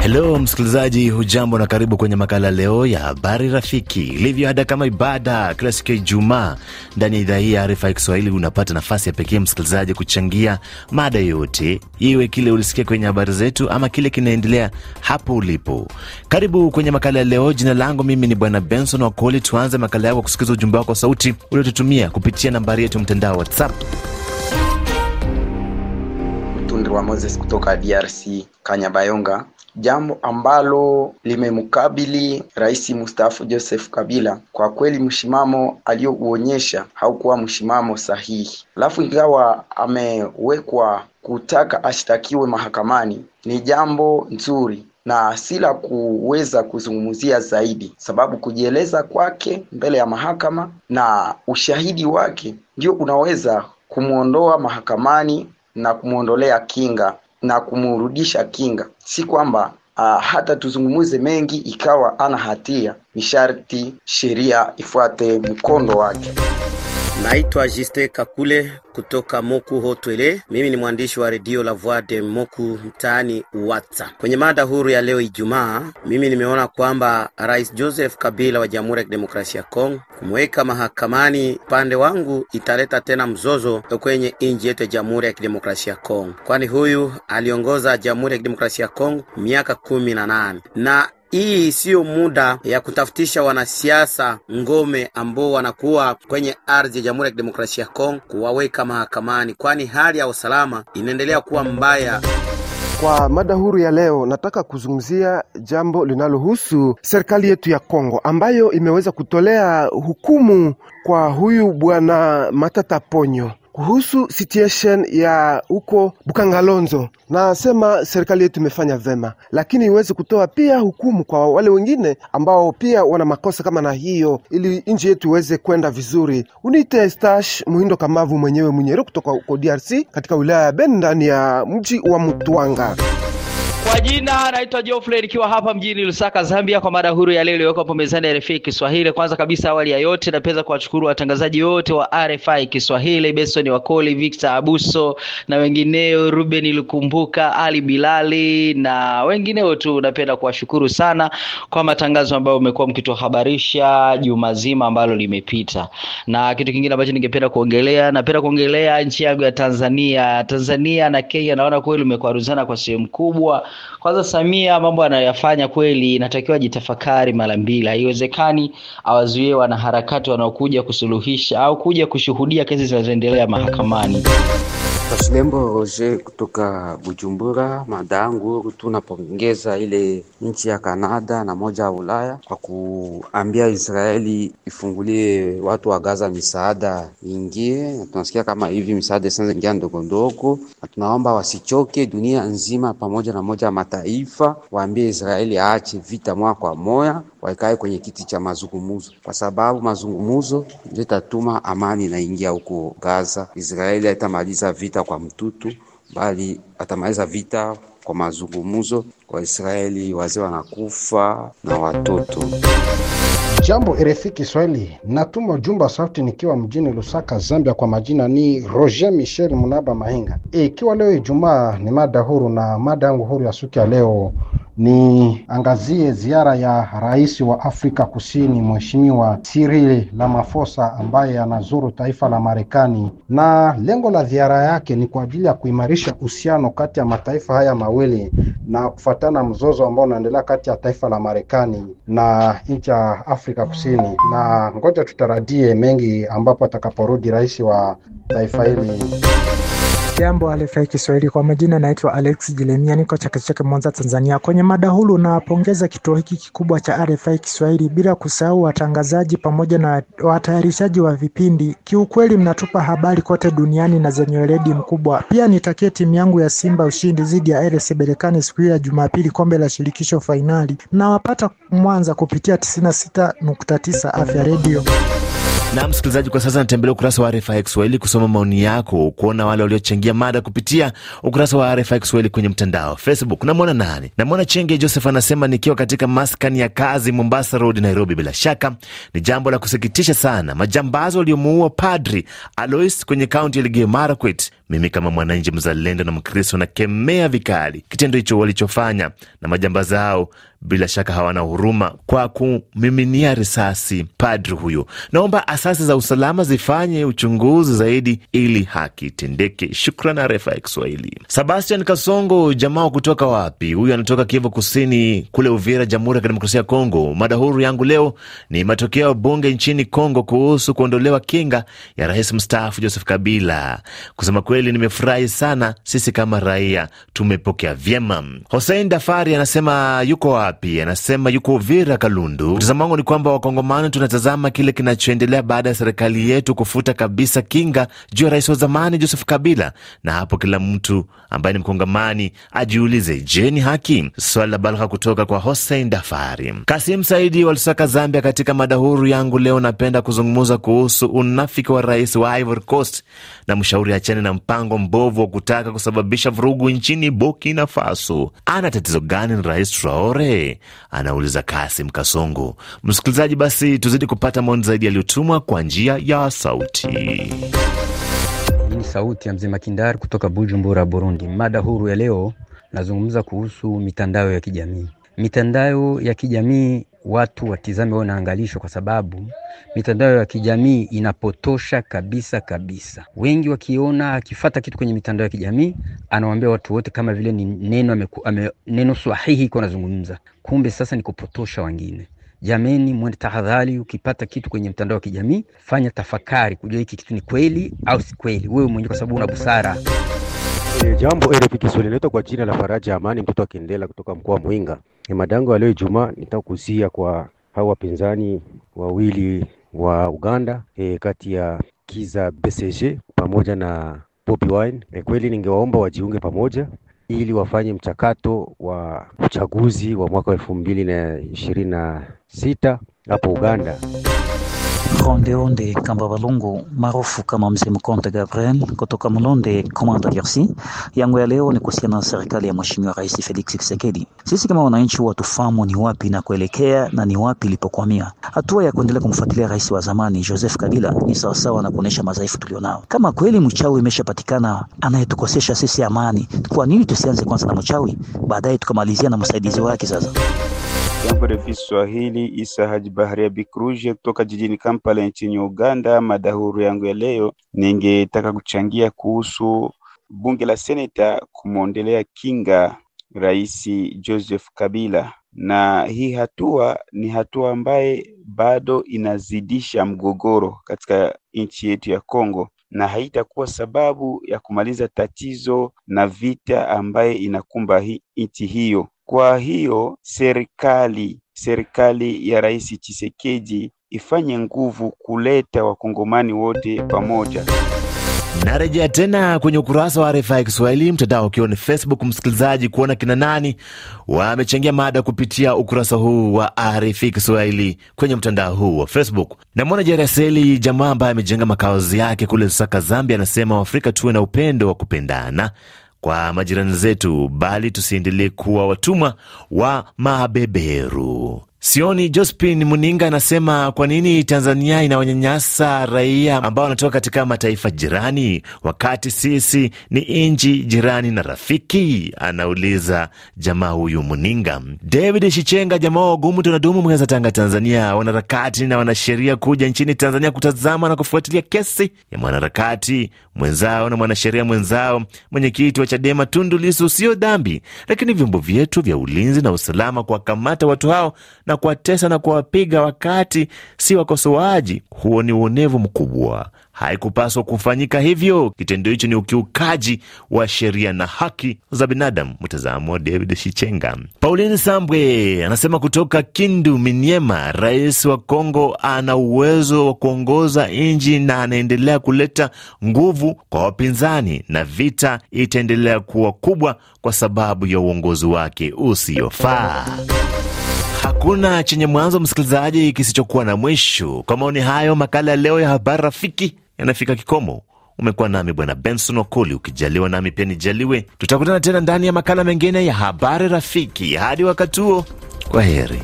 helo msikilizaji, hujambo na karibu kwenye makala leo ya habari rafiki. Ilivyo ada kama ibada kila siku ya Ijumaa ndani ya idhaa hii ya Arifa ya Kiswahili, unapata nafasi ya pekee msikilizaji, kuchangia mada yoyote, iwe kile ulisikia kwenye habari zetu ama kile kinaendelea hapo ulipo. Karibu kwenye makala ya leo. Jina langu mimi ni Bwana Benson Wakoli. Tuanze makala yako kwa kusikiza ujumbe wako wa sauti uliotutumia kupitia nambari yetu mtandao WhatsApp Ngirwa Moses kutoka DRC Kanyabayonga, jambo ambalo limemkabili rais mstaafu Joseph Kabila. Kwa kweli mshimamo aliyouonyesha haukuwa mshimamo sahihi, alafu ingawa amewekwa kutaka ashtakiwe mahakamani ni jambo nzuri na si la kuweza kuzungumzia zaidi, sababu kujieleza kwake mbele ya mahakama na ushahidi wake ndio unaweza kumwondoa mahakamani na kumwondolea kinga na kumrudisha kinga, si kwamba Uh, hata tuzungumuze mengi ikawa ana hatia, ni sharti sheria ifuate mkondo wake. Naitwa Juste Kakule kutoka Moku Hotwele. Mimi ni mwandishi wa redio La Voix de Moku mtaani Uwata. Kwenye mada huru ya leo Ijumaa, mimi nimeona kwamba Rais Joseph Kabila wa Jamhuri ya Kidemokrasia ya Kongo kumweka mahakamani, upande wangu italeta tena mzozo kwenye nchi yetu ya Jamhuri ya Kidemokrasia ya Kongo, kwani huyu aliongoza Jamhuri ya Kidemokrasia ya Kongo miaka kumi na nane na hii siyo muda ya kutafutisha wanasiasa ngome ambao wanakuwa kwenye ardhi ya Jamhuri ya Kidemokrasia ya Kongo kuwaweka mahakamani, kwani hali ya usalama inaendelea kuwa mbaya. Kwa mada huru ya leo nataka kuzungumzia jambo linalohusu serikali yetu ya Kongo ambayo imeweza kutolea hukumu kwa huyu bwana Matata Ponyo kuhusu situation ya huko Bukangalonzo, nasema serikali yetu imefanya vema, lakini iweze kutoa pia hukumu kwa wale wengine ambao pia wana makosa kama na hiyo, ili nchi yetu iweze kwenda vizuri. Unite Stash Muhindo Kamavu mwenyewe mwenyewe kutoka huko DRC katika wilaya ya Beni ndani ya mji wa Mutwanga. Kwa jina naitwa Geoffrey nikiwa hapa mjini Lusaka, Zambia, kwa mada huru ya leo iliyowekwa hapo mezani ya RFI Kiswahili. Kwanza kabisa, awali ya yote, napenda kuwashukuru watangazaji wote wa RFI Kiswahili, Benson Wakoli, Victor Abuso na wengineo, Ruben Lukumbuka, Ali Bilali na wengineo tu. Napenda kuwashukuru sana kwa matangazo ambayo umekuwa mkituhabarisha juma zima ambalo limepita. Na kitu kingine ambacho ningependa kuongelea, napenda kuongelea nchi yangu ya Tanzania. Tanzania na Kenya naona kweli umekwaruzana kwa sehemu kubwa kwanza Samia mambo anayoyafanya kweli, inatakiwa jitafakari mara mbili. Haiwezekani awazuie wanaharakati wanaokuja kusuluhisha au kuja kushuhudia kesi zinazoendelea mahakamani. Kashilembo Roger kutoka Bujumbura. madangu huru, tunapongeza ile nchi ya Kanada na moja ya Ulaya kwa kuambia Israeli ifungulie watu wa Gaza misaada ingie, na tunasikia kama hivi misaada sasa ingia ndogo ndogo, na tunaomba wasichoke, dunia nzima pamoja na moja ya mataifa waambie Israeli aache vita moya kwa moya waikae kwenye kiti cha mazungumuzo, kwa sababu mazungumuzo ndio itatuma amani inaingia huko Gaza. Israeli haitamaliza vita kwa mtutu, bali atamaliza vita kwa mazungumuzo. Waisraeli wazee wanakufa na watoto. Jambo RFI Kiswahili, natuma ujumbe wa sauti nikiwa mjini Lusaka, Zambia. Kwa majina ni Roger Michel Munaba Mahinga. E, ikiwa e, leo Ijumaa ni mada huru, na mada yangu huru ya suki ya leo ni angazie ziara ya rais wa Afrika Kusini Mheshimiwa Cyril Ramaphosa ambaye anazuru taifa la Marekani, na lengo la ziara yake ni kwa ajili ya kuimarisha uhusiano kati ya mataifa haya mawili na kufuatana mzozo ambao unaendelea kati ya taifa la Marekani na nchi ya Afrika Kusini, na ngoja tutarajie mengi ambapo atakaporudi rais wa taifa hili. Jambo alifai Kiswahili, kwa majina naitwa Alex Jeremia, niko Chake Chake, Mwanza, Tanzania. Kwenye mada huru nawapongeza kituo hiki kikubwa cha RFI Kiswahili, bila kusahau watangazaji pamoja na watayarishaji wa vipindi. Kiukweli mnatupa habari kote duniani na zenye weledi mkubwa. Pia nitakie timu yangu ya Simba ushindi dhidi ya RS Berkane siku ya Jumapili, kombe la shirikisho fainali. Nawapata Mwanza kupitia 96.9 Afya redio na msikilizaji, kwa sasa natembelea ukurasa wa RFI Kiswahili kusoma maoni yako, kuona wale waliochangia mada kupitia ukurasa wa RFI Kiswahili kwenye mtandao Facebook. Namwona nani? Namwona Chenge Joseph anasema, nikiwa katika maskani ya kazi Mombasa Road, Nairobi. Bila shaka ni jambo la kusikitisha sana majambazo waliomuua padri Alois kwenye kaunti ya Elgeyo Marakwet mimi kama mwananchi mzalendo na Mkristo nakemea vikali kitendo hicho walichofanya na majambazi hao. Bila shaka hawana huruma kwa kumiminia risasi padri huyo. Naomba asasi za usalama zifanye uchunguzi zaidi ili haki itendeke. Shukran arefa ya Kiswahili. Sebastian Kasongo, jamaa kutoka wapi huyu? Anatoka Kivu Kusini kule Uvira, Jamhuri ya Kidemokrasia ya Kongo. Mada huru yangu leo ni matokeo ya bunge nchini Kongo kuhusu kuondolewa kinga ya rais mstaafu Joseph Kabila. Kusema kweli kweli nimefurahi sana, sisi kama raia tumepokea vyema. Hosein Dafari anasema yuko wapi? Anasema yuko Uvira, Kalundu. Mtazamo wangu ni kwamba wakongomani tunatazama kile kinachoendelea baada ya serikali yetu kufuta kabisa kinga juu ya rais wa zamani Joseph Kabila, na hapo kila mtu ambaye ni mkongamani ajiulize, je, ni haki? Swali la balha kutoka kwa Hosein Dafari. Kasim Saidi walisaka Zambia, katika madahuru yangu leo napenda kuzungumza kuhusu unafiki wa rais wa Ivory Coast na mshauri achane na mpango mbovu wa kutaka kusababisha vurugu nchini Burkina Faso. Ana tatizo gani na Rais Traore? Anauliza Kasim Kasongo. Msikilizaji, basi tuzidi kupata maoni zaidi yaliyotumwa kwa njia ya sauti. Hii ni sauti ya mzee Makindari kutoka Bujumbura, Burundi. Mada huru ya leo nazungumza kuhusu mitandao ya kijamii. Mitandao ya kijamii watu watizame wao naangalishwa, kwa sababu mitandao ya kijamii inapotosha kabisa kabisa. Wengi wakiona akifata kitu kwenye mitandao ya kijamii anawaambia watu wote kama vile ni neno ameku, ame, neno sahihi iko anazungumza, kumbe sasa ni kupotosha wengine. Jameni, mwende tahadhari. Ukipata kitu kwenye mtandao wa kijamii fanya tafakari kujua hiki kitu ni kweli au si kweli, wewe mwenyewe, kwa sababu una busara. E, jambo RFI Kiswahili, linaitwa kwa jina la Faraja Amani, mtoto wa Kindela kutoka mkoa wa Mwinga. E, madango ya leo Ijumaa nitakuzia kwa hao wapinzani wawili wa Uganda e, kati ya Kiza bcg pamoja na Bobi Wine. E, kweli ningewaomba wajiunge pamoja ili wafanye mchakato wa uchaguzi wa mwaka wa elfu mbili na ishirini na sita hapo Uganda. Rondeonde Kamba Balungu maarufu kama Mzee Mkonte Gabriel kutoka Mlonde Komanda DRC. Yangu ya leo ni kuhusiana na serikali ya Mheshimiwa Rais Felix Tshisekedi. Sisi kama wananchi watufahamu ni wapi na kuelekea na ni wapi ilipokwamia. Hatua ya kuendelea kumfuatilia rais wa zamani Joseph Kabila ni sawasawa na kuonesha madhaifu tulionao. Kama kweli mchawi imeshapatikana anayetukosesha sisi amani, kwa nini tusianze kwanza na mchawi, baadaye tukamalizia na msaidizi wake? Sasa jambo la Isa Haji Baharia Bikruje kutoka jijini Kampala pale nchini Uganda. madahuru yangu ya leo, ningetaka kuchangia kuhusu bunge la seneta kumwondelea kinga Rais Joseph Kabila, na hii hatua ni hatua ambaye bado inazidisha mgogoro katika nchi yetu ya Kongo na haitakuwa sababu ya kumaliza tatizo na vita ambaye inakumba hi, nchi hiyo. Kwa hiyo serikali serikali ya Rais Chisekedi ifanye nguvu kuleta wakongomani wote pamoja. Narejea tena kwenye ukurasa wa RFI Kiswahili mtandao ukiwa ni Facebook, msikilizaji, kuona kina nani wamechangia mada kupitia ukurasa huu wa RFI Kiswahili kwenye mtandao huu wa Facebook. Namwona Jeraseli, jamaa ambaye amejenga makazi yake kule Lusaka, Zambia, anasema Waafrika tuwe na upendo wa kupendana kwa majirani zetu, bali tusiendelee kuwa watumwa wa mabeberu. Sioni Jospin Muninga anasema kwa nini Tanzania inawanyanyasa raia ambao wanatoka katika mataifa jirani wakati sisi ni nchi jirani na rafiki, anauliza jamaa huyu Muninga. David Shichenga, jamaa wa Gumu Tunadumu, mweza Tanga, Tanzania. Wanaharakati na wanasheria kuja nchini Tanzania kutazama na kufuatilia kesi ya mwanaharakati mwenzao na mwanasheria mwenzao mwenyekiti wa Chadema Tundu Lissu, sio dhambi, lakini vyombo vyetu vya ulinzi na usalama kuwakamata watu hao na kuwatesa na kuwapiga wakati si wakosoaji, huo ni uonevu mkubwa haikupaswa kufanyika hivyo. Kitendo hicho ni ukiukaji wa sheria na haki za binadamu, mtazamo David Shichenga. Pauline Sambwe anasema kutoka Kindu minyema rais wa Kongo ana uwezo wa kuongoza nchi na anaendelea kuleta nguvu kwa wapinzani, na vita itaendelea kuwa kubwa kwa sababu ya uongozi wake usiofaa. Hakuna chenye mwanzo, msikilizaji, kisichokuwa na mwisho. Kwa maoni hayo, makala ya leo ya Habari Rafiki yanafika kikomo. Umekuwa nami Bwana Benson Wakoli, ukijaliwa nami pia nijaliwe. Tutakutana tena ndani ya makala mengine ya Habari Rafiki. Hadi wakati huo, kwa heri.